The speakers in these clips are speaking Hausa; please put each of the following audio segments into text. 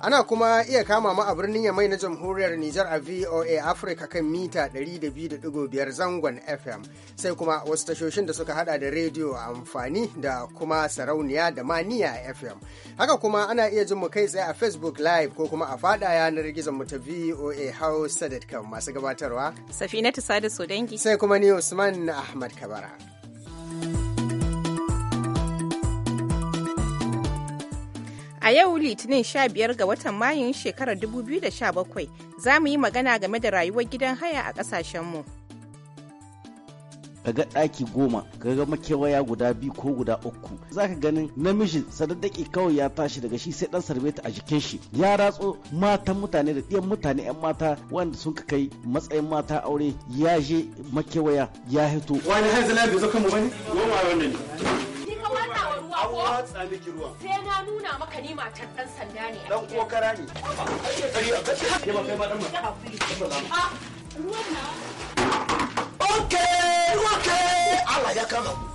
Ana kuma iya kama mu a birnin Yamai na Jamhuriyar Nijar a VOA Africa kan mita 200.5 zangon FM. Sai kuma wasu tashoshin da suka hada da rediyo a amfani da kuma sarauniya da maniya FM. Haka kuma ana iya jin mu kai tsaye a Facebook Live ko kuma a fada yanar gizon mu ta VOA Hausa.com masu gabatarwa. Safinatu Sada Sodangi. Sai kuma ni Usman Ahmad Kabara. A yau Litinin 15 ga watan Mayun shekarar 2017 za mu yi magana game da rayuwar gidan haya a ƙasashenmu. kaga ɗaki goma kaga makewaya guda biyu ko guda uku za ka ganin namiji sadaddaki kawai ya tashi daga shi sai dan sarbeta a jikin shi ya ratso matan mutane da ɗiyan mutane yan mata wanda sun kai matsayin mata aure ya je makewaya ya hito wani hanzala bai zo mu bane goma ne sai na nuna maka ni matar dan sanda ne dan ake ma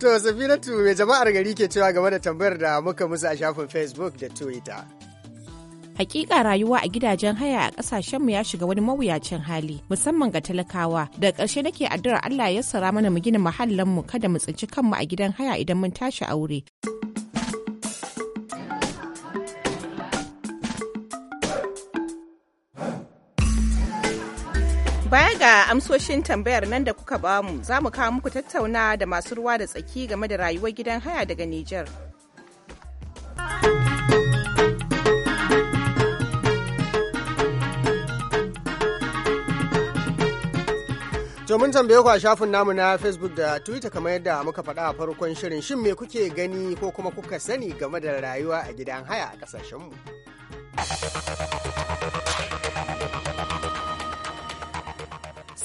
To, Safinatu mai jama'ar gari ke cewa game da tambayar da muka musu a shafin Facebook da Twitter. Hakika rayuwa a gidajen haya a kasashenmu ya shiga wani mawuyacin hali musamman ga talakawa. Da ƙarshe nake addu'ar Allah ya sara mana mu gina mu kada mu tsinci kanmu a gidan haya idan mun tashi aure. Baya ga amsoshin tambayar nan da kuka bamu, za mu kawo muku tattauna da masu ruwa da tsaki game da rayuwar gidan haya daga Nijar. To mun tambaye ku a shafin namu na Facebook da Twitter kamar yadda muka faɗa a farkon shirin shin me kuke gani ko kuma kuka sani game da rayuwa a gidan haya a ƙasashenmu.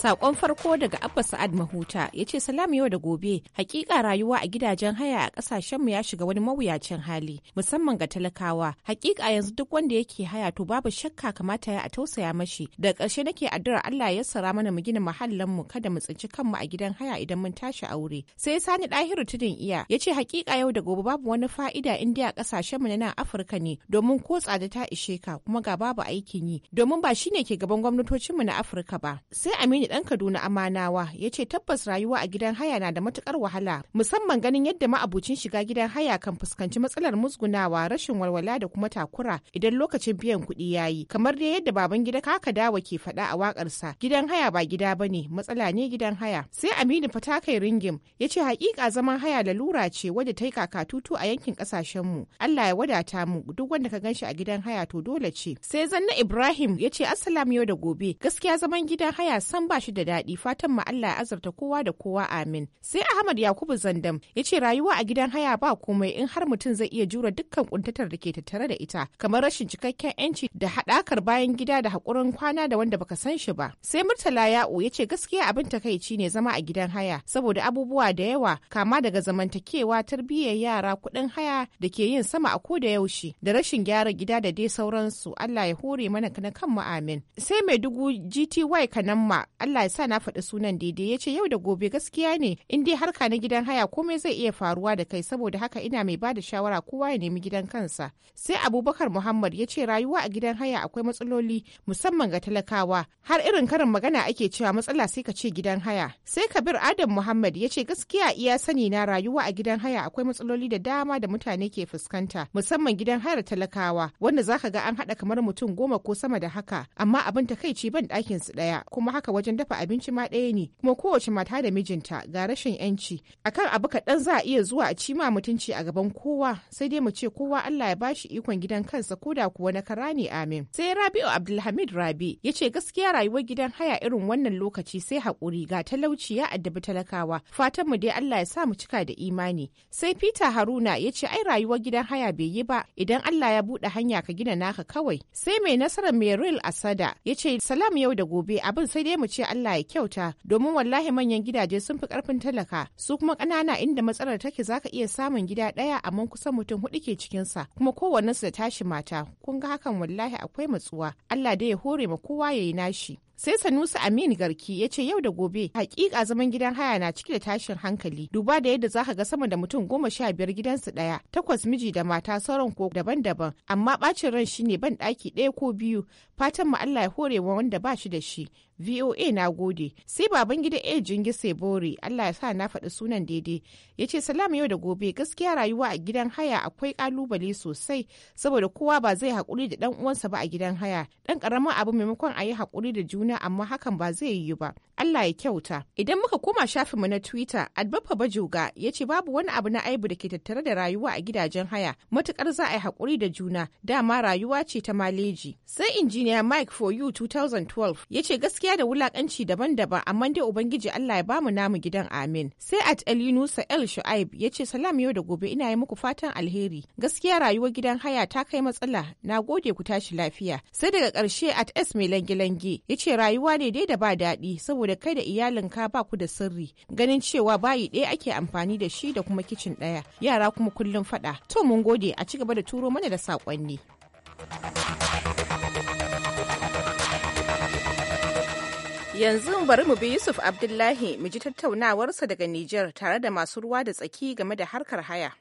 Sakon farko daga Abba Sa'ad Mahuta ya ce salam yau da gobe hakika rayuwa a gidajen haya a kasashen mu ya shiga wani mawuyacin hali musamman ga talakawa hakika yanzu duk wanda yake haya to babu shakka kamata ya a tausaya mashi da ƙarshe nake addu'ar Allah ya sara mana mu gina mahallan mu kada mu tsinci kanmu a gidan haya idan mun tashi aure sai Sani ɗahiru Tudun Iya ya ce hakika yau da gobe babu wani fa'ida in dai a kasashen mu na nan Afirka ne domin ko tsada ta ishe ka kuma ga babu aikin yi domin ba shine ke gaban gwamnatocin mu na Afirka ba sai Aminu ɗan Kaduna Amanawa ya ce tabbas rayuwa a gidan haya na da matukar wahala musamman ganin yadda ma'abucin shiga gidan haya kan fuskanci matsalar musgunawa rashin walwala da kuma takura idan lokacin biyan kuɗi ya yi kamar dai yadda baban gida kaka dawa ke faɗa a wakarsa, gidan haya ba gida ba ne matsala ne gidan haya sai Aminu Fatakai Ringim ya ce haƙiƙa zaman haya lalura ce wadda ta yi kakatutu a yankin ƙasashenmu Allah ya wadata mu duk wanda ka ganshi a gidan haya to dole ce sai zanna Ibrahim ya ce assalamu yau da gobe gaskiya zaman gidan haya san ba ba shi da daɗi fatan mu Allah ya azurta kowa da kowa amin. Sai Ahmad Yakubu Zandam ya ce rayuwa a gidan haya ba komai in har mutum zai iya jura dukkan kuntatar da ke tattare da ita kamar rashin cikakken yanci da haɗakar bayan gida da haƙurin kwana da wanda baka san shi ba. Sai Murtala Ya'u ya ce gaskiya abin takaici ne zama a gidan haya saboda abubuwa da yawa kama daga zamantakewa tarbiyyar yara kuɗin haya da ke yin sama a koda yaushe da rashin gyara gida da dai sauransu Allah ya hore mana na kan mu amin. Sai mai dugu GTY kanan ma Allah ya sa na faɗi sunan daidai ya ce yau da gobe gaskiya ne in dai harka na gidan haya komai zai iya faruwa da kai saboda haka ina mai ba da shawara kowa ya nemi gidan kansa sai Abubakar Muhammad ya ce rayuwa a gidan haya akwai matsaloli musamman ga talakawa har irin karin magana ake cewa matsala sai ka ce gidan haya sai Kabir Adam Muhammad ya ce gaskiya iya sani na rayuwa a gidan haya akwai matsaloli da dama da mutane ke fuskanta musamman gidan hayar talakawa wanda zaka ga an haɗa kamar mutum goma ko sama da haka amma abin takaici ban ɗakin su ɗaya kuma haka wajen dafa abinci ma ɗaya ne kuma kowace mata da mijinta ga rashin yanci akan abu kaɗan za a iya zuwa a ci ma mutunci a gaban kowa sai dai mu ce kowa Allah ya ba shi ikon gidan kansa ko da kuwa na kara ne amin sai Rabi'u Abdulhamid Rabi ya ce gaskiya rayuwar gidan haya irin wannan lokaci sai haƙuri ga talauci ya addabi talakawa fatan mu dai Allah ya sa mu cika da imani sai Peter Haruna ya ce ai rayuwar gidan haya bai yi ba idan Allah ya buɗe hanya ka gina naka kawai sai mai nasarar Meril Asada ya ce salam yau da gobe abin sai dai mu ce Allah ya kyauta domin wallahi manyan gidaje sun fi karfin talaka su kuma ƙanana inda matsalar take zaka iya samun gida ɗaya amma kusan mutum hudu ke cikin sa kuma su da tashi mata kun ga hakan wallahi akwai matsuwa Allah dai ya hore ma kowa ya yi nashi. sai sanusi amin garki ya ce yau da gobe hakika zaman gidan haya na cike da tashin hankali duba da yadda zaka ga sama da mutum goma sha biyar gidansu daya takwas miji da mata sauran ko daban-daban amma bacin ran shine ban daki ɗaya ko biyu fatan mu Allah ya hore wa wanda ba shi da shi VOA na gode. Sai baban gida A Jingi Sebori, Allah ya sa na faɗi sunan daidai. Ya ce salam yau da gobe gaskiya rayuwa a gidan haya akwai kalubale sosai saboda kowa ba zai haƙuri da ɗan uwansa ba a gidan haya. Ɗan ƙaramin abu maimakon a yi haƙuri da juna amma hakan ba zai yi ba. Allah ya kyauta. Idan muka koma shafinmu na Twitter, Adbaffa Bajoga ya ce babu wani abu na aibu da ke tattare da rayuwa a gidajen haya, matukar za a yi haƙuri da juna, dama rayuwa ce ta maleji. Sai injiniya Mike for you 2012 ya ce gaskiya da wulakanci daban-daban amma dai Ubangiji Allah ya bamu namu gidan amin. Sai at Elinusa El Shu'aib ya ce salam yau da gobe ina yi muku fatan alheri. Gaskiya rayuwar gidan haya ta kai matsala, na gode ku tashi lafiya. Sai daga ƙarshe at S mai lange-lange ya ce rayuwa ne dai da ba daɗi saboda saboda kai da iyalinka ba ku da sirri ganin cewa bayi ɗaya ake amfani da shi da kuma kicin ɗaya yara kuma kullum faɗa to mun gode a cigaba da turo mana da sakonni. Yanzu bari mu bi Yusuf Abdullahi mu ji tattaunawarsa daga Nijar tare da masu ruwa da tsaki game da harkar haya.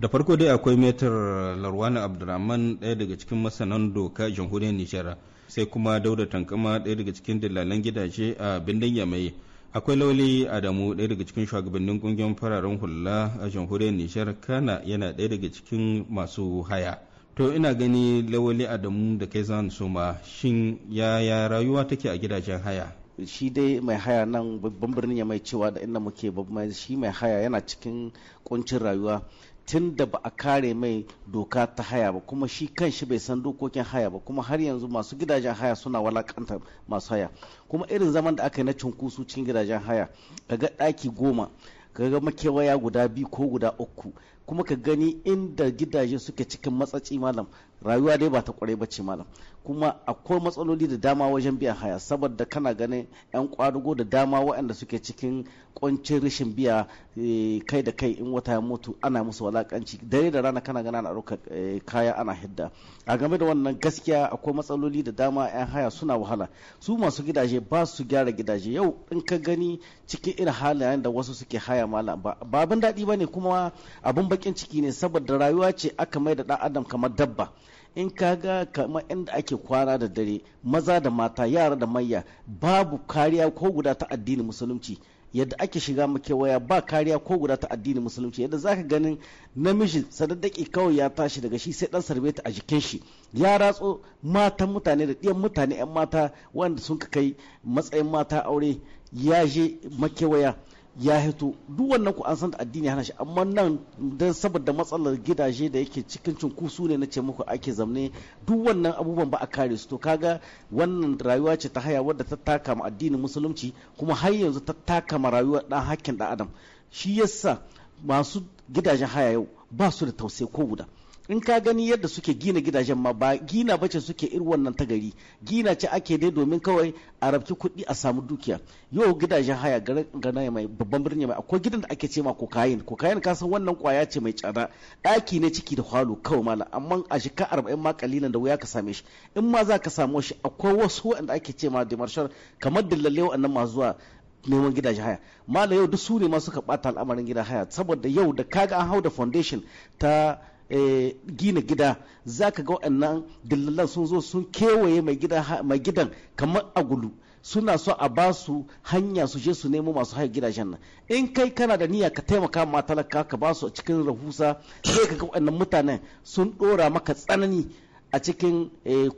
da farko dai akwai metar larwani abdulrahman ɗaya daga cikin masanan doka jamhuriyar nijar sai kuma dauda tankama ɗaya daga cikin dillalan gidaje a bindin yamai akwai lauli adamu ɗaya daga cikin shugabannin kungiyar fararen hula a jamhuriyar nishar kana yana ɗaya daga cikin masu haya to ina gani lawali adamu da kai zan ma shin yaya rayuwa take a gidajen haya shi dai mai haya nan babban birnin ya mai cewa da inda muke babban shi mai haya yana cikin kuncin rayuwa tun da ba a kare mai doka ta haya ba kuma shi kan shi bai san dokokin haya ba kuma har yanzu masu gidajen haya suna walakanta masu haya kuma irin zaman da aka yi na cunkusu cikin gidajen haya ka ga daki goma ka ga makewaya guda biyu ko guda uku kuma ka gani inda gidaje suke cikin matsatsi malam rayuwa dai ba ta kwarai ba ce malam kuma akwai matsaloli da dama wajen biyan haya saboda kana ganin yan kwadugo da dama waɗanda suke cikin kwancin rashin biya eh, kai da kai in wata ya mutu ana musu walakanci dare da rana kana gana na ɗauka eh, kaya ana hidda a game da wannan gaskiya akwai matsaloli da dama yan haya suna wahala su masu gidaje ba su gyara gidaje yau in ka gani cikin irin halayen da wasu suke haya malam ba abin daɗi ba ne kuma abin bakin ciki ne saboda rayuwa ce aka mai da ɗan adam kamar dabba in ka ga kamar inda ake kwana da dare maza da mata yara da mayya babu kariya ko guda ta addinin musulunci yadda ake shiga makewaya ba kariya ko guda ta addinin musulunci yadda zaka ganin namiji sadaddaki kawai ya tashi daga shi sai dan ta a jikin shi ya ratso matan mutane da ɗiyan mutane 'yan mata wanda sun kai matsayin mata aure ya je makewaya ya hito duk wannan ku an san addini hana shi amma nan dan saboda matsalar gidaje da yake cikin cunkusu ne na ce muku ake zamne duk wannan abubuwan ba a kare su to kaga wannan rayuwa ce ta haya wadda ta taka ma addinin musulunci kuma har yanzu ta taka ma rayuwar dan hakkin dan adam shi yasa masu gidajen haya yau ba su da tausayi ko guda in ka gani yadda suke gina gidajen ma ba gina bace suke irin wannan ta gari gina ce ake dai domin kawai a rabci kuɗi a samu dukiya yau gidajen haya garin mai babban birni mai akwai gidan da ake ce ma kokayin kokayin ka san wannan kwaya ce mai tsada ɗaki ne ciki da kwalo kawai mala amma a shika arba'in ma kalilan da wuya ka same shi in ma za ka samu shi akwai wasu waɗanda ake ce ma demarshal kamar dillalle waɗannan masu zuwa neman gidajen haya mala yau duk su ne ma suka ɓata al'amarin gidan haya saboda yau da kaga an hau da foundation ta Eh, gina gida za ka ga waɗannan dillalan sun zo sun kewaye mai gidan kamar agulu suna so a ba su hanya su je su nemo masu haya gidajen nan in kai kana da niyya ka taimaka ma talaka ka ba su cikin rahusa sai ka ga waɗannan mutanen sun ɗora maka tsanani a cikin eh,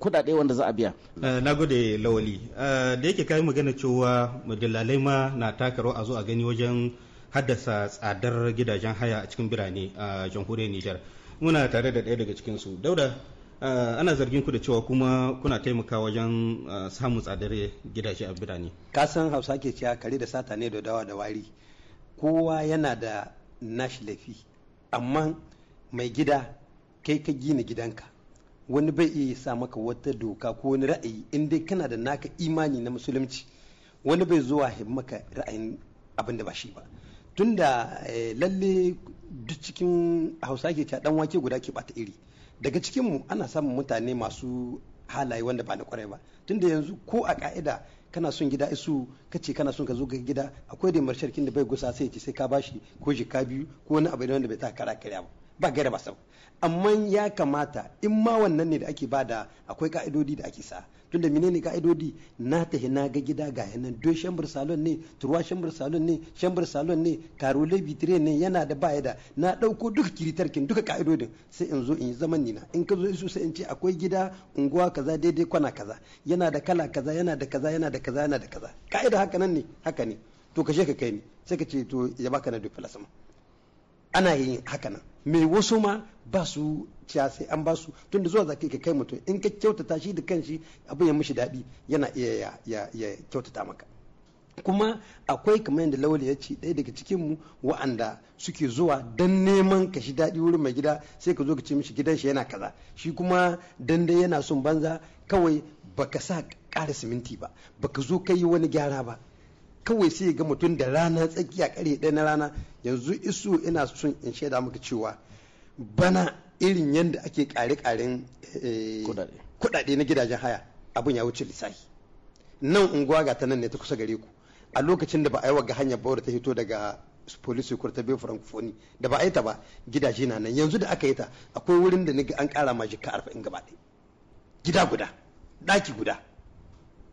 kudade wanda za a biya. Eh, na gode lawali. Da yake kayi magana cewa madalalai ma na taka a zo a gani wajen haddasa tsadar gidajen haya a cikin birane a jamhuriyar Nijar. Muna tare da ɗaya daga cikinsu. Dauda, ana zargin ku da cewa kuma kuna taimaka wajen samun tsadar gidaje a birane. Kasan Hausa ke cewa kare da sata ne da dawa da wari. Kowa yana da nashi laifi. Amma mai gida kai ka gina gidanka. Wani bai iya sa maka wata doka ko wani ra'ayi in dai kana da naka imani na musulunci. Wani bai zuwa maka ra'ayin abin da ba shi ba. tunda eh, lalle duk cikin hausa ke cewa dan wake guda ke bata iri daga cikin mu ana samun mutane masu halaye wanda ba na kwarai ba tunda yanzu ko a ka'ida kana son gida isu ka ce kana son ka zo ga gida akwai da marsharkin da bai gusa sai ce sai ka bashi ko jika biyu ko wani abu wanda bai ta kara karya ba ba gaira ba sau amma ya kamata in ma wannan ne da ake bada akwai ka'idodi da ake sa tunda menene ka'idodi na tahi na ga gida ga yanan do shambar salon ne turwa shambar salon ne shambar salon ne karole bitire ne yana da baya da na dauko duka kiritarkin duka ka'idodin sai in zo in yi zaman nina in ka zo isu sai in ce akwai gida unguwa kaza daidai kwana kaza yana da kala kaza yana da kaza yana da kaza yana da kaza ka'ida haka nan ne haka ne to kashe ka kai ni sai ka ce to ya baka na dufi lasama ana yin haka nan me wasu ma ba su ciya sai an ba su tun da zuwa zaki ka kai mutum in ka kyautata shi da kanshi abin ya mishi daɗi yana iya ya kyautata maka kuma akwai kamar yadda lawali ya ce ɗaya daga cikinmu wa'anda suke zuwa don neman ka shi daɗi wurin mai gida sai ka zo ka ce mishi gidan shi yana kaza shi kuma dan yana son banza kawai baka sa ƙara siminti ba baka zo ka yi wani gyara ba kawai sai ga mutum da rana tsakiya kare ɗaya na rana yanzu isu ina son in shaida maka cewa bana irin yadda ake ƙare-ƙaren eh, kuɗaɗe na gidajen haya abin ya wuce lissafi nan unguwa ga ta nan ne ta kusa gare ku a lokacin da ba a yi wa hanyar bawar ta hito daga polisi ko ta biyu francophonie da ba a yi ta ba gidaje na nan yanzu da aka yi ta akwai wurin da niga an kara ma jika arba'in gaba gida guda ɗaki guda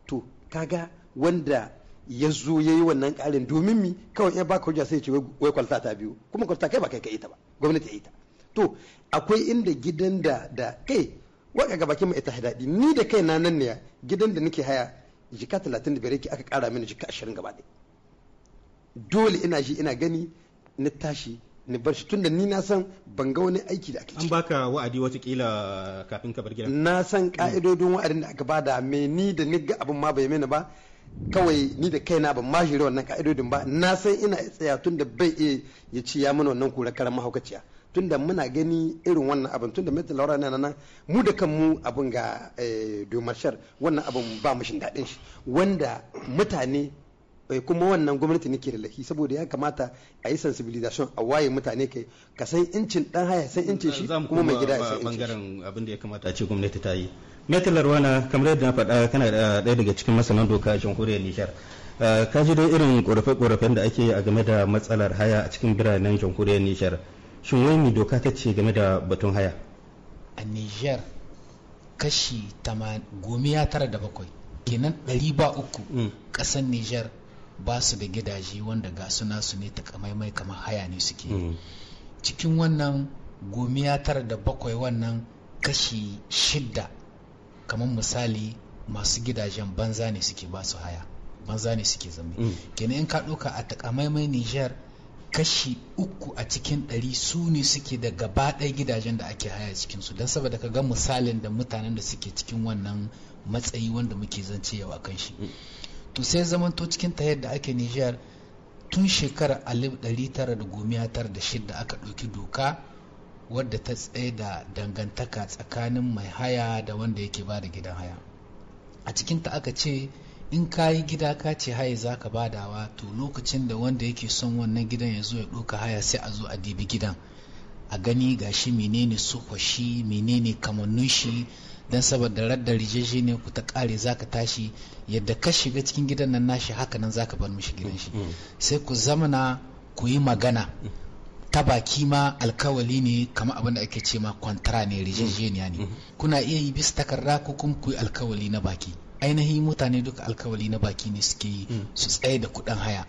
to kaga wanda ya zo ya yi wannan karin domin mi kawai ya baka hujja sai ce wai kwalta ta biyu kuma kwalta kai ba kai ka ita ba gwamnati ya ita to akwai inda gidan da da kai waka ga bakin mai ita daɗi ni da kai na nan ne gidan da nake haya jika 35 ki aka kara mini jika 20 gaba ɗaya dole ina shi ina gani na tashi ni bar shi tunda ni na san ban ga wani aiki da ake an baka wa'adi watakila kafin ka bar gida na san ka'idodin mm. wa'adin da aka bada me ni da ni ga abin ma bai mini ba kawai ni da kaina ban ma shirya wannan ka'idodin ba na san ina tsaya tun da bai iya ya ci ya mana wannan kura karan haukaciya tun da muna gani irin wannan abin tun da mai laura na nan mu da kanmu abin ga eh, domashar wannan abin ba mu shin daɗin shi wanda mutane eh, kuma wannan gwamnati nake da laifi saboda ya kamata a yi sensibilization a waye mutane kai ka san incin dan haya san incin shi kuma mai gida ya san incin shi abin da ya kamata a ce gwamnati ta yi metalar wana kamar yadda na faɗa kana ɗaya daga cikin masanan doka a jamhuriyar nijar ka ji dai irin ƙorafe-ƙorafen da ake a game da matsalar haya a cikin biranen jamhuriyar nijar shin wai mai doka ta ce game da batun haya a nijar kashi gomiya tara da bakwai kenan ɗari ba uku mm. ƙasar nijar ba su da gidaje wanda ga suna su ne takamaimai kamar haya ne suke mm. cikin wannan gomiya tara da bakwai wannan kashi shidda kamar misali masu gidajen banza ne suke ba su haya banza ne suke zama mm. kenan in ka ɗauka a takamaimai niger kashi uku a cikin ɗari su ne suke da gaba ɗaya gidajen da ake haya cikin su. don saboda ka ga misalin da mutanen da suke cikin wannan matsayi wanda muke zance yau a kan shi mm. to sai zamanto cikin ta yadda ake niger tun shekarar alif ɗari tara da da 1996 aka ɗauki doka wadda ta tsaye da dangantaka tsakanin mai haya da wanda yake ba da gidan haya a cikinta aka ce in ka yi gida ka ce haya za ka badawa to lokacin da wanda yake son wannan gidan ya zo ya ɗauka haya sai a zo a dibi gidan a gani gashi menene sukwashi menene kamannin shi don saboda radda rijeje ne ku ta kare ka tashi yadda ka shiga cikin gidan nan nashi haka nan ka bar mishi gidan shi mm-hmm. sai ku zamana ku yi magana mm-hmm. ta baki ma alkawali ne kamar abin da ake ce ma kwantara ne rijejeniya ne mm-hmm. kuna iya yi bisa takarda ko kuma ku alkawali na baki ainihin mutane duka alkawali na baki ne suke yi mm. su tsaye da kuɗin haya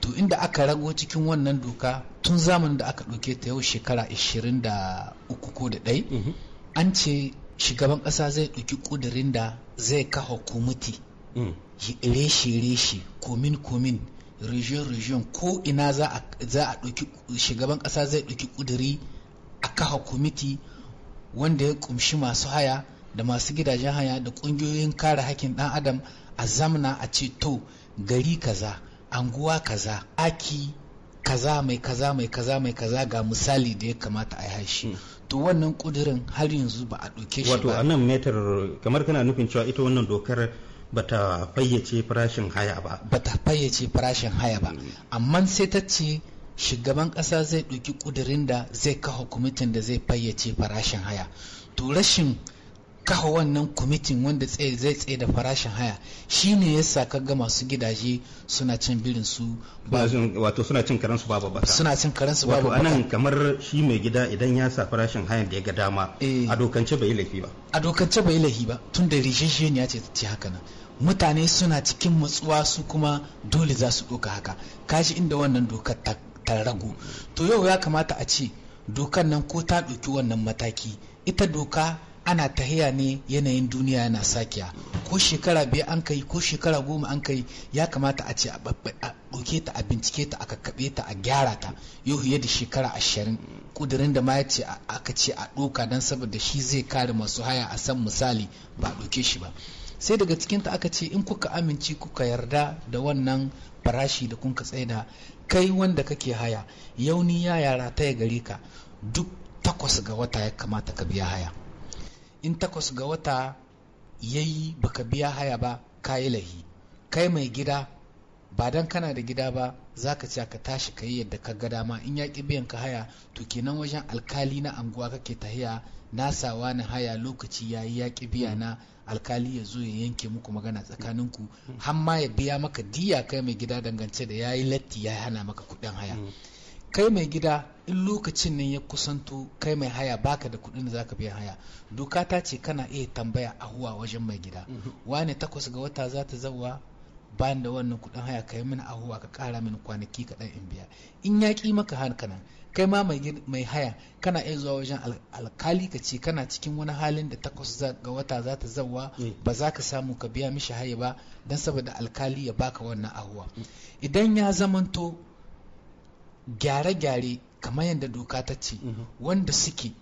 to inda aka rago cikin wannan doka tun zamanin da aka ɗauke ta yau shekara 23 ko da ɗai mm-hmm. an ce shugaban ƙasa zai ɗauki ƙudurin da zai kafa kwamiti mm. reshe-reshe komin-komin region region ko ina za a ɗauki shugaban ƙasa zai ɗauki ƙuduri a kafa kwamiti wanda ya ƙumshi masu haya da masu gidajen haya da ƙungiyoyin kare hakkin ɗan adam a zamana a ce to gari kaza anguwa kaza aki kaza mai kaza mai kaza mai kaza ga misali da ya kamata a yashi hmm. to wannan ƙudurin har yanzu ba a ɗauke shi ba wato a nan metar kamar kana nufin cewa ita wannan dokar bata fayyace farashin haya ba bata fayyace farashin haya ba amma sai ta ce shugaban kasa zai ɗauki ƙudurin da zai kawo kwamitin da zai fayyace farashin haya to rashin kawo wannan kwamitin wanda zai tsaye da farashin haya shi ne ya sa kaga masu gidaje suna cin birin su wato suna cin karansu babu baka suna cin karansu ba ba wato anan kamar shi mai gida idan ya sa farashin haya da ya ga dama eh. a dokance bai laifi ba a dokance bai laifi ba tun da rishishiyen ya ce ci haka nan mutane suna cikin matsuwa su kuma dole za su doka haka kashi inda wannan dokar ta ragu to yau ya kamata a ce dokar nan ko ta ɗauki wannan mataki ita doka ana tahiya ne yanayin duniya yana sakiya ko shekara biyu an kai ko shekara goma an kai ya kamata a ce a ɗauke ta a bincike ta a kakkaɓe ta a gyara ta yau fiye da shekara ashirin ƙudurin da ma ya ce aka ce a ɗoka don saboda shi zai kare masu haya a san misali ba ɗauke shi ba sai daga cikin ta aka ce in kuka amince kuka yarda da wannan farashi da kun ka da kai wanda kake haya yauni ya yara ta ya gare ka duk takwas ga wata ya kamata ka biya haya in takwas ga wata ya yayi baka biya haya ba ka yi lahi kai mai gida ba dan kana da gida ba za ka ka tashi ka yi yadda ka ga dama in ya ƙi biyan ka haya to kenan wajen alkali na anguwa kake tahiya na sawa na haya lokaci ya yi ya ƙi biya na alkali ya zo ya yanke muku magana tsakaninku har ma ya biya maka diya kai mai gida dangance da ya yi latti ya hana maka kuɗin haya. Mm. kai mai gida in lokacin nan ya kusanto kai mai haya baka da kuɗin da zaka biya haya doka ta ce kana iya tambaya a huwa wajen mai gida mm-hmm. wane takwas ga wata za ta zauwa bayan da wannan kuɗin haya kai mini a huwa ka kara mini kwanaki kaɗan in biya in ya ƙi maka hankanan kai ma mai haya kana iya zuwa wajen alkali ka ce kana cikin wani halin da takwas ga wata za ta zauwa mm. ba za ka samu ka biya mishi haya ba don saboda alkali ya baka wannan ahuwa mm. idan ya zamanto gyare-gyare kamar yadda doka ta ce mhm. wanda suke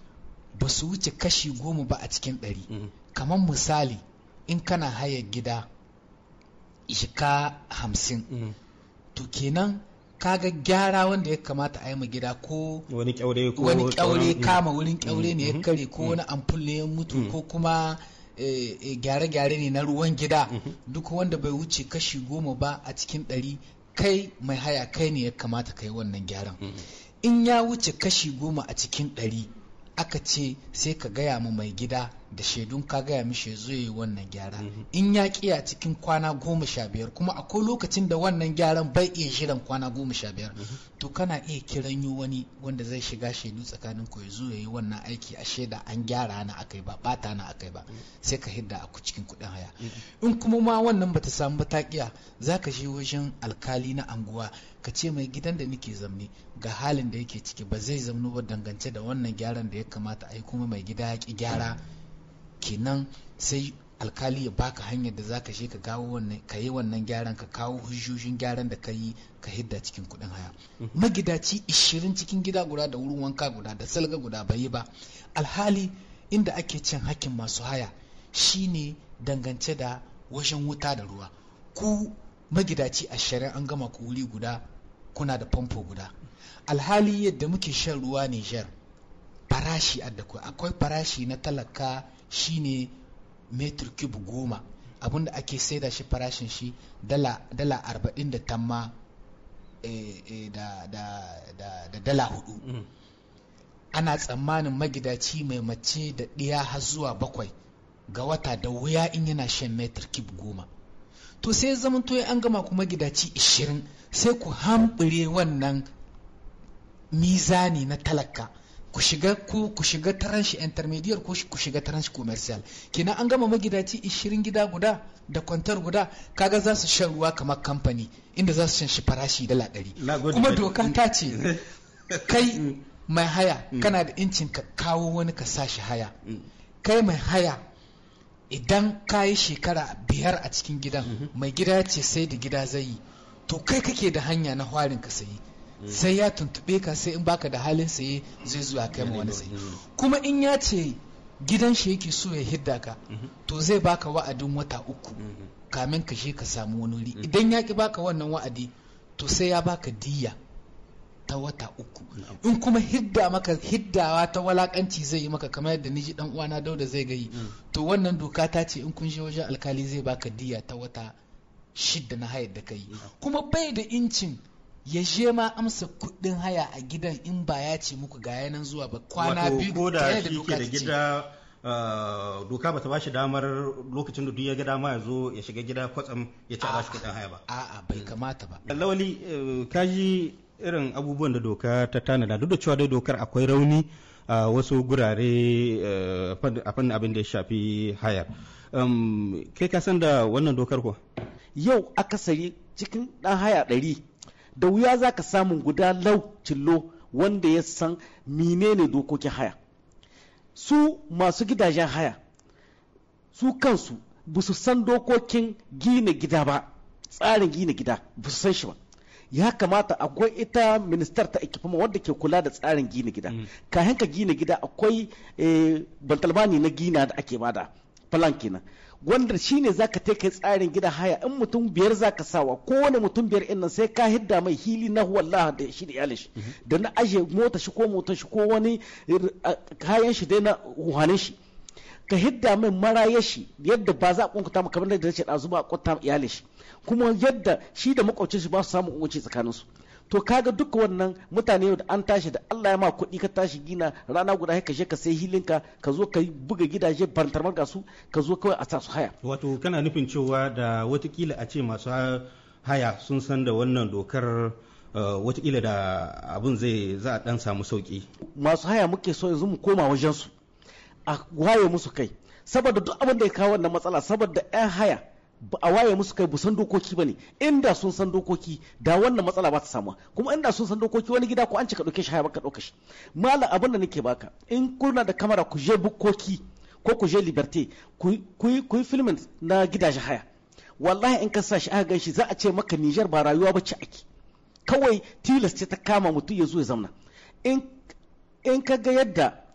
ba su wuce kashi goma ba a cikin ɗari mhm. kamar misali in kana haya gida shika hamsin mhm. to kenan kaga gyara wanda ya kamata a yi ma gida ko wani kyaure kama wurin kyaure ne ya kare ko wani amfulle ya mutu ko kuma eh, eh, gyare-gyare ne na ruwan gida duk wanda bai wuce kashi goma ba a cikin ɗari kai mai haya kai ne ya kamata kai wannan gyaran mm-hmm. in ya wuce kashi goma a cikin ɗari aka ce sai ka gaya ma mai gida da shaidun ka gaya mishi zo yi wannan gyara mhm. in ya kiya cikin kwana goma sha biyar kuma akwai lokacin da wannan gyaran bai iya shirin kwana goma sha biyar mhm. to kana iya kiran yi wani wanda zai shiga shaidu tsakanin ku ya ya yi wannan aiki a shaida an gyara na akai ba bata na akai ba mhm. sai ka hidda a cikin kuɗin haya in kuma ma wannan bata samu ba ta kiya za ka je wajen alkali na anguwa ka ce mai gidan da nake zamne ga halin da yake ciki ba zai zamnu ba dangance da wannan gyaran da ya kamata a yi kuma mai gida ya ki gyara kenan sai alkali ya baka hanyar da zaka je ka gawo wannan ka yi wannan gyaran ka kawo hujjojin gyaran da ka yi ka hidda cikin kuɗin haya mhm. magidaci 20 cikin gida guda da wurin wanka guda da salga guda bai yi ba alhali inda ake cin hakkin masu haya shine dangance da wajen wuta da ruwa ku magidaci ashirin an gama ku wuri guda kuna da famfo guda alhali yadda muke shan ruwa nijar farashi addakwai akwai farashi na talaka shine metri cube goma abinda ake saida shi farashin shi dala arba'in da tamma eh, eh, da dala hudu mm. ana tsammanin magidaci mai mace da ɗiya har zuwa bakwai ga wata da wuya in yana shan metri cube goma to sai zaman to an gama kuma gidaci 20 sai ku hambure wannan mizani na talaka ku shiga ku ku shiga tranche intermediate ko ku shiga tranche commercial kina an gama magidaci 20 gida guda da kwantar guda kaga za su shan ruwa kamar kamfani inda za su shan shi farashi dala ɗari kuma doka ta ce kai mm. mai haya mm. kana da incin ka kawo wani ka sa shi haya mm. kai mai haya idan ka yi shekara biyar a cikin gidan mhm. mai gida ce sai da gida zai yi to kai kake da hanya na hwarin ka sayi mm. sai ya tuntube ka sai in baka da halin saye zai zuwa kai ma wani sayi mm. kuma in ya ce gidan shi yake so ya hidda ka mm-hmm. to zai baka wa'adin wata uku mm-hmm. kamin ka je ka samu wani wuri mm-hmm. idan ya ki baka wannan wa'adi to sai ya baka diya ta wata uku in kuma hidda maka hiddawa ta walakanci zai yi maka kamar yadda niji dan uwana dauda zai gayi mm. to wannan doka ta ce in kun je wajen alkali zai baka diya ta wata shidda na hayar da kai mm. kuma bai da incin ya je ma amsa kuɗin haya a gidan in ba ya ce muku ga yanan zuwa ba kwana biyu ko da shi ke da gida uh, doka ba ta ba shi damar lokacin da duk ya ga dama ya zo ya shiga gida kwatsam ya ci a kudin haya ba a'a bai mm. kamata ba lawali uh, kaji irin abubuwan da doka ta tanada duk da cewa dai dokar akwai rauni a wasu gurare eh, a fannin abin da ya shafi hayar kai ka san da wannan dokar ko yau akasari cikin dan haya ɗari da wuya za ka samun guda lau cillo wanda ya san menene dokokin haya su masu gidajen haya su kansu ba su san dokokin gina gida ba tsarin gina gida ba su san shi ba ya kamata akwai ita ministar ta ikifama wadda ke kula da tsarin gina gida mm. kayan ka gina gida akwai eh, bantalmani na gina da ake bada falan kenan wanda shine za ta kai tsarin gida haya in mutum biyar za ka sawa kowane mutum biyar ɗin nan sai ka hidda mai hili na wallahi da shi da iyalin shi mm-hmm. da na aje mota shi ko mota shi ko wani eh, kayan shi dai na ruhanin shi ka hidda mai marayashi yadda ba za a kunkuta kamar da ce ɗazu ba a kwata iyalin shi kuma yadda shi da makwabcin shi ba su samu wuce tsakaninsu to kaga duka wannan mutane da an tashi da Allah ya ma kuɗi ka tashi gina rana guda ka je ka sai hilinka ka zo ka buga gidaje bantar marga su ka zo kawai a sa su haya wato kana nufin cewa da watakila a ce masu haya sun san da wannan dokar eh, watakila da abin zai za a dan samu sauki masu haya muke so yanzu mu koma wajen su a waye musu kai saboda duk abin da ya kawo wannan matsala saboda 'yan haya ba a waye musu kai busan dokoki bane inda sun san dokoki da wannan matsala ba ta samu kuma inda sun san dokoki wani gida ko an cika dauke shi haya baka dauka shi malam abin da nake baka in kuna da kamera ku je bukoki ko ku je liberté ku yi filmin na gidajen haya wallahi in ka sa shi aka gan shi za a ce maka Niger ba rayuwa ba ce ake kawai tilas ce ta kama mutum ya zo ya zauna in ka ga yadda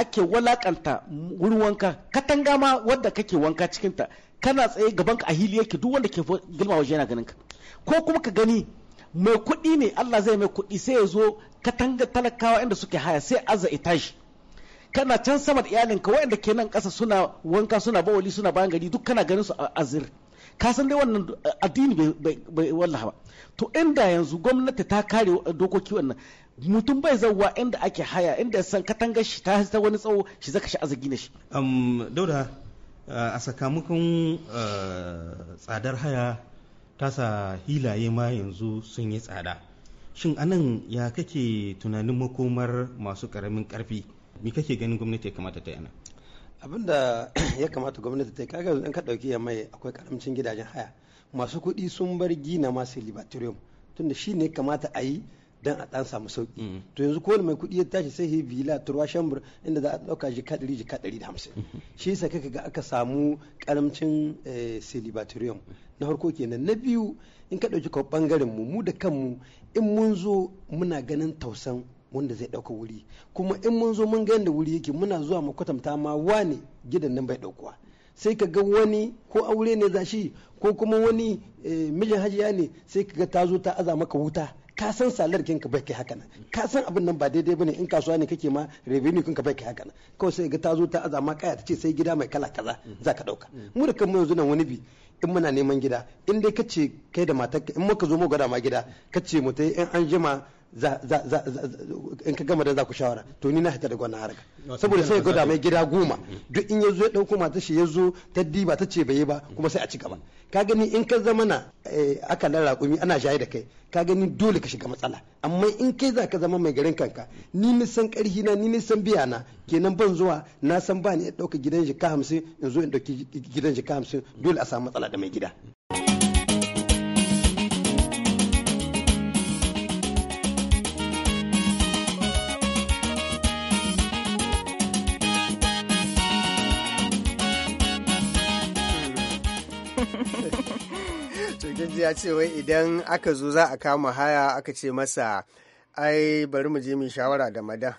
ake walakanta wurin wanka katanga ma wadda kake wanka cikinta kana tsaye gaban ka a hili yake duk wanda ke girma waje yana ganin ka ko kuma ka gani mai kuɗi ne Allah zai mai kuɗi sai ya zo katanga talakawa inda suke haya sai aza itashi kana can sama da iyalin ka waɗanda ke nan ƙasa suna wanka suna bawali suna bayan gari duk kana ganin su a azir ka san dai wannan eh, addini bai wallaha ba to inda yanzu gwamnati ta kare eh, dokoki wannan mutum bai zauwa inda ake haya inda san katangar shi ta ta wani tsawo shi zaka shi azagi na shi um dauda a sakamakon eh, tsadar haya ta sa hilaye ma yanzu sun yi tsada shin anan ya kake tunanin makomar masu karamin karfi me kake ganin gwamnati ya kamata ta yana abin da ya kamata gwamnati ta yi kaga in ka dauki mai akwai karamcin gidajen haya masu kuɗi sun bar gina masu libatorium tunda shi ne kamata a yi dan a dan samu sauki mm. to yanzu kowane mai kuɗi ya tashi sai ya villa turwa shambur inda za a dauka ka 100 da 150 mm-hmm. shi sa kaka ga aka samu karamcin eh, celibatorium na farko kenan na biyu in ka ɗauki ka bangaren mu mu da kanmu in mun zo muna ganin tausan wanda zai ɗauka wuri kuma in mun zo mun ga yanda wuri yake muna zuwa mu kwatanta ma wane gidan nan bai ɗaukuwa. sai ka ga wani ko aure ne za ko kuma wani eh, mijin hajiya ne sai ka ga ta zo ta aza maka wuta ka san salar kinka bai kai haka nan ka san abin nan ba daidai bane in kasuwa ne kake ma revenue kinka bai kai haka nan kawai sai ga ta zo ta azama kaya ta ce sai gida mai kala kaza za ka dauka mm. mu da kanmu yanzu nan wani bi in muna neman gida in dai kace kai da matarka in muka zo mu gwada ma gida ce mu ta in an jima in ka gama da za ku shawara to ni na hita gwana wannan harka saboda sai ya gwada mai gida goma duk in ya zo ya ɗauko mata shi ya zo ta diba ta ce bai ba kuma sai a ci gaba ka gani in ka zama na eh, aka lara raƙumi ana shaye da kai ka gani dole ka shiga matsala amma in kai za ka zama mai garin kanka ni san karhi na ni san biya na kenan ban zuwa na san ba ni ɗauka gidan shi ka hamsin in zo in ɗauki gidan shi ka hamsin dole a samu matsala da mai gida ya ce wai idan aka zo za a kama haya aka ce masa ai bari mu je mu shawara da madan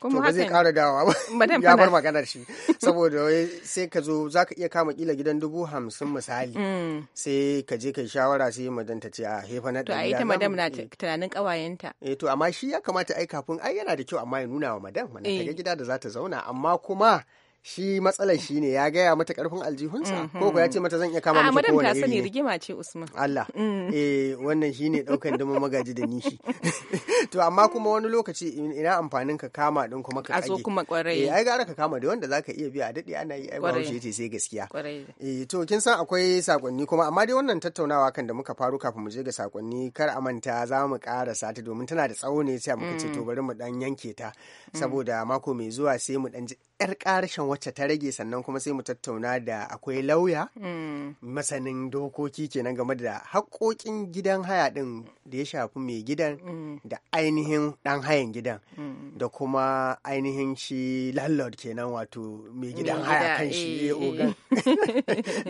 kuma ba zai kara dawa ba ya bar maganar shi saboda sai ka zo za ka iya kama kila gidan dubu hamsin misali mm. sai ka je ka shawara sai madan ta ce a hefa na ɗari to a madam na eh. tunanin ƙawayenta eh to amma shi ya kamata ai kafin ai yana da kyau amma ya nuna wa madam mana ta eh. gida da za ta zauna amma kuma shi matsalar shi ne ya gaya mata karfin aljihunsa mhm. ko ko ya ce mata zan iya kama mata kowane iri ne rigima ce Usman Allah mm. eh wannan shi ne daukan dama magaji da nishi to amma kuma wani lokaci ina amfanin ka kama din kuma ka A azo kuma kwarai eh ai gara ka kama da wanda zaka iya biya a dade ana yi ai ba shi ce sai gaskiya eh to kin san akwai sakonni kuma amma dai wannan tattaunawa kan da muka faru kafin mu je ga sakonni kar a manta za mu karasa ta domin tana da tsawo ne sai muka ce to mm. bari mu dan yanke ta mm. saboda mako mai zuwa sai mu dan ji yar karshen wacce ta rage sannan kuma sai mu tattauna da akwai lauya hmm. masanin dokoki kenan game da haƙoƙin gidan haya ɗin da ya shafi mai gidan hmm. da ainihin ɗan hayan gidan hmm. da kuma ainihin shi landlord kenan wato mai gidan haya kan shi eh, eh, ogan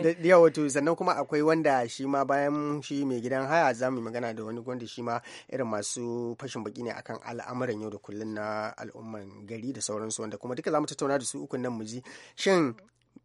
eh. da wato sannan kuma akwai wanda shi ma bayan shi mai gidan haya za mu magana da wani gwanda shi ma irin masu fashin baki ne akan al'amuran yau da kullum na al'umman gari da sauransu wanda kuma duka za mu tattauna da su ukun nan mu yanzu shin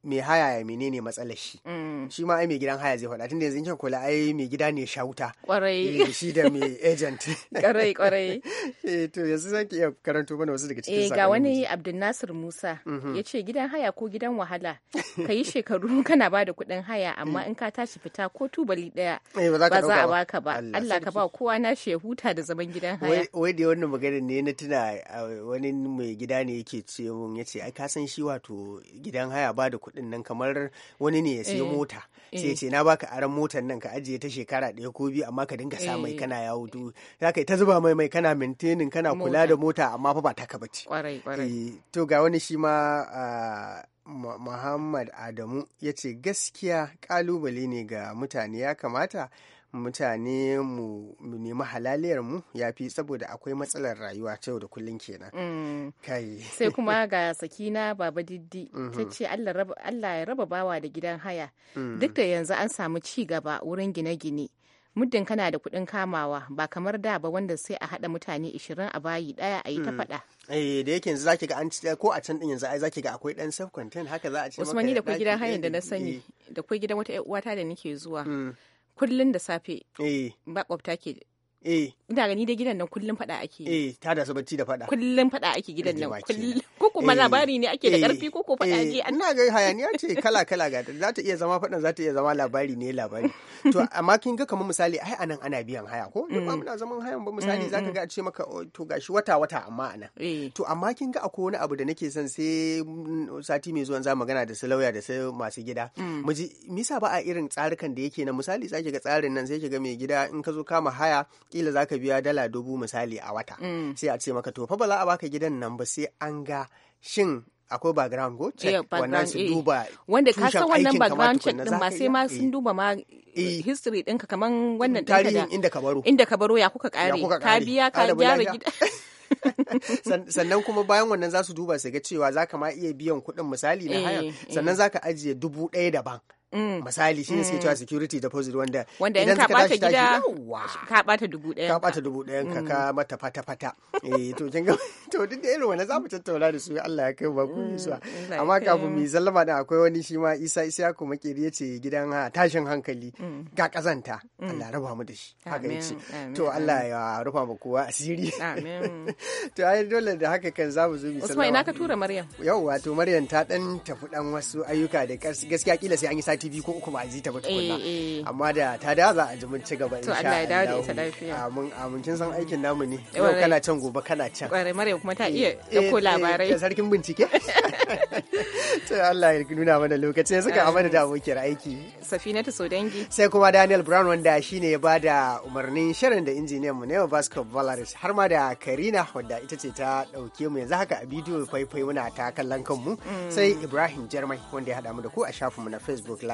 mai haya ya ne matsalar shi mm. shi ma ai mai gidan haya zai faɗa da yanzu in kula ai mai gida ne shauta kwarai eh, shi da mai agent kwarai kwarai eh to yanzu iya karanto mana wasu daga cikin eh ga wani Abdulnasir Musa mhm. ya ce gidan haya ko gidan wahala ka yi shekaru kana bada kuɗin haya amma in ka tashi fita ko tubali daya eh, ba za a baka ba Allah ka ba kowa na shi huta da zaman gidan haya wai da wannan magana ne na tuna wani mai gida ne yake ce mun ce ai ka san shi wato gidan haya bada kuɗin nan kamar wani ne ya siyo eh, mota eh. sai ce na baka aran motar nan ka ajiye ta shekara ɗaya ko biyu amma ka dinga sa mai kana yawo za ka ta zuba mai mai kana min mantenin kana kula da mota amma fa ba taka bace kwarai eh, to ga wani shi ma Muhammad Adamu ya ce gaskiya kalubale ne ga mutane ya kamata mutane mu nemi halaliyar mu ya fi saboda akwai matsalar rayuwa ta yau da kullum kenan. Mm. Kai. Sai kuma ga sakina baba diddi ta mhm. ce Allah ya raba bawa da gidan haya. Mm. Duk da yanzu an samu ci gaba wurin gine-gine. muddin kana da kuɗin kamawa ba kamar da ba wanda sai a haɗa mutane 20 a bayi ɗaya a yi ta hmm. faɗa. Eh da yake yanzu zaki ga an ci ko a can din yanzu ai zaki ga akwai dan self content haka za a ce Usmani da kwai gidan hanyar da na eh, sani da kwai gidan wata uwata da nake zuwa. Hmm. Kullun da safe. Eh. Ba kwafta ke Eh. ina gani da gidan nan kullum fada ake eh ta da su bacci da fada kullum fada ake gidan nan kullum ko kuma eh. labari ne ake da karfi eh. ko ko fada ne ina ga hayaniya ce kala kala ga za ta iya zama fadan za ta iya zama labari ne labari to amma kin ga kamar misali ai anan ana biyan haya ko ba mm. muna zaman hayan ba mm, misali zaka mm, ga a ce maka oh, to gashi wata wata amma anan to amma kin ga akwai wani abu da nake son sai sati mai zuwan za magana da su lauya da su masu gida mu ji misa ba a irin tsarukan da yake na misali zaki ga tsarin nan sai ki ga mai gida in ka zo kama haya kila za ka biya dala dubu misali a wata mm. sai a ce maka to fa ba za a baka gidan nan ba sai an ga shin akwai background go check eh, wannan su eh. duba wanda ka san wannan background check din ba sai ma sun eh. duba ma history ka kaman wannan ɗinka da inda ka baro inda ka baro ya kuka kare ka biya ka gyara gida sannan kuma bayan wannan za su duba su ga cewa za ka ma iya biyan kuɗin misali na haya sannan za ka ajiye dubu ɗaya daban Mm. misali shi ne suke mm. cewa security deposit wanda wanda in ka bata gida ka bata dubu ɗaya ka bata dubu ɗaya ka ka mm. mata fata fata eh to kin ga to duk da irin wannan zamu tattauna da su Allah ya kai ba ku su amma kafin mu zallama da akwai wani shi ma Isa Isa ko makeri yace gidan ah, tashin hankali ga kazanta Allah raba mu da shi haka yace to Allah ya rufa mu kowa asiri amin to ai dole da haka kan zamu zo mu sallama Usman ina ka tura Maryam yauwa to Maryam ta dan tafi dan wasu ayyuka da gaskiya kila sai an yi sati TV ko uku ba a zita ta ba eh, tukuna eh. amma da ta da za a ji mun ci gaba insha Allah ya ita lafiya amin kin san aikin namu ne eh, yau kana can gobe kana can kware mare kuma ta iya dauko labarai da sarkin bincike to Allah ya nuna mana lokacin suka amana da abokiyar aiki Safinatu Sodangi sai kuma Daniel Brown wanda shine ya bada umarnin shirin da injiniyan mu Neo Vasco Valaris har ma da Karina wadda ita ce ta dauke mu yanzu haka a bidiyo faifai muna ta kallon kanmu mm. sai Ibrahim Jarmai wanda ya hada mu da ku a shafinmu na Facebook live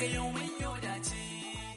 que yo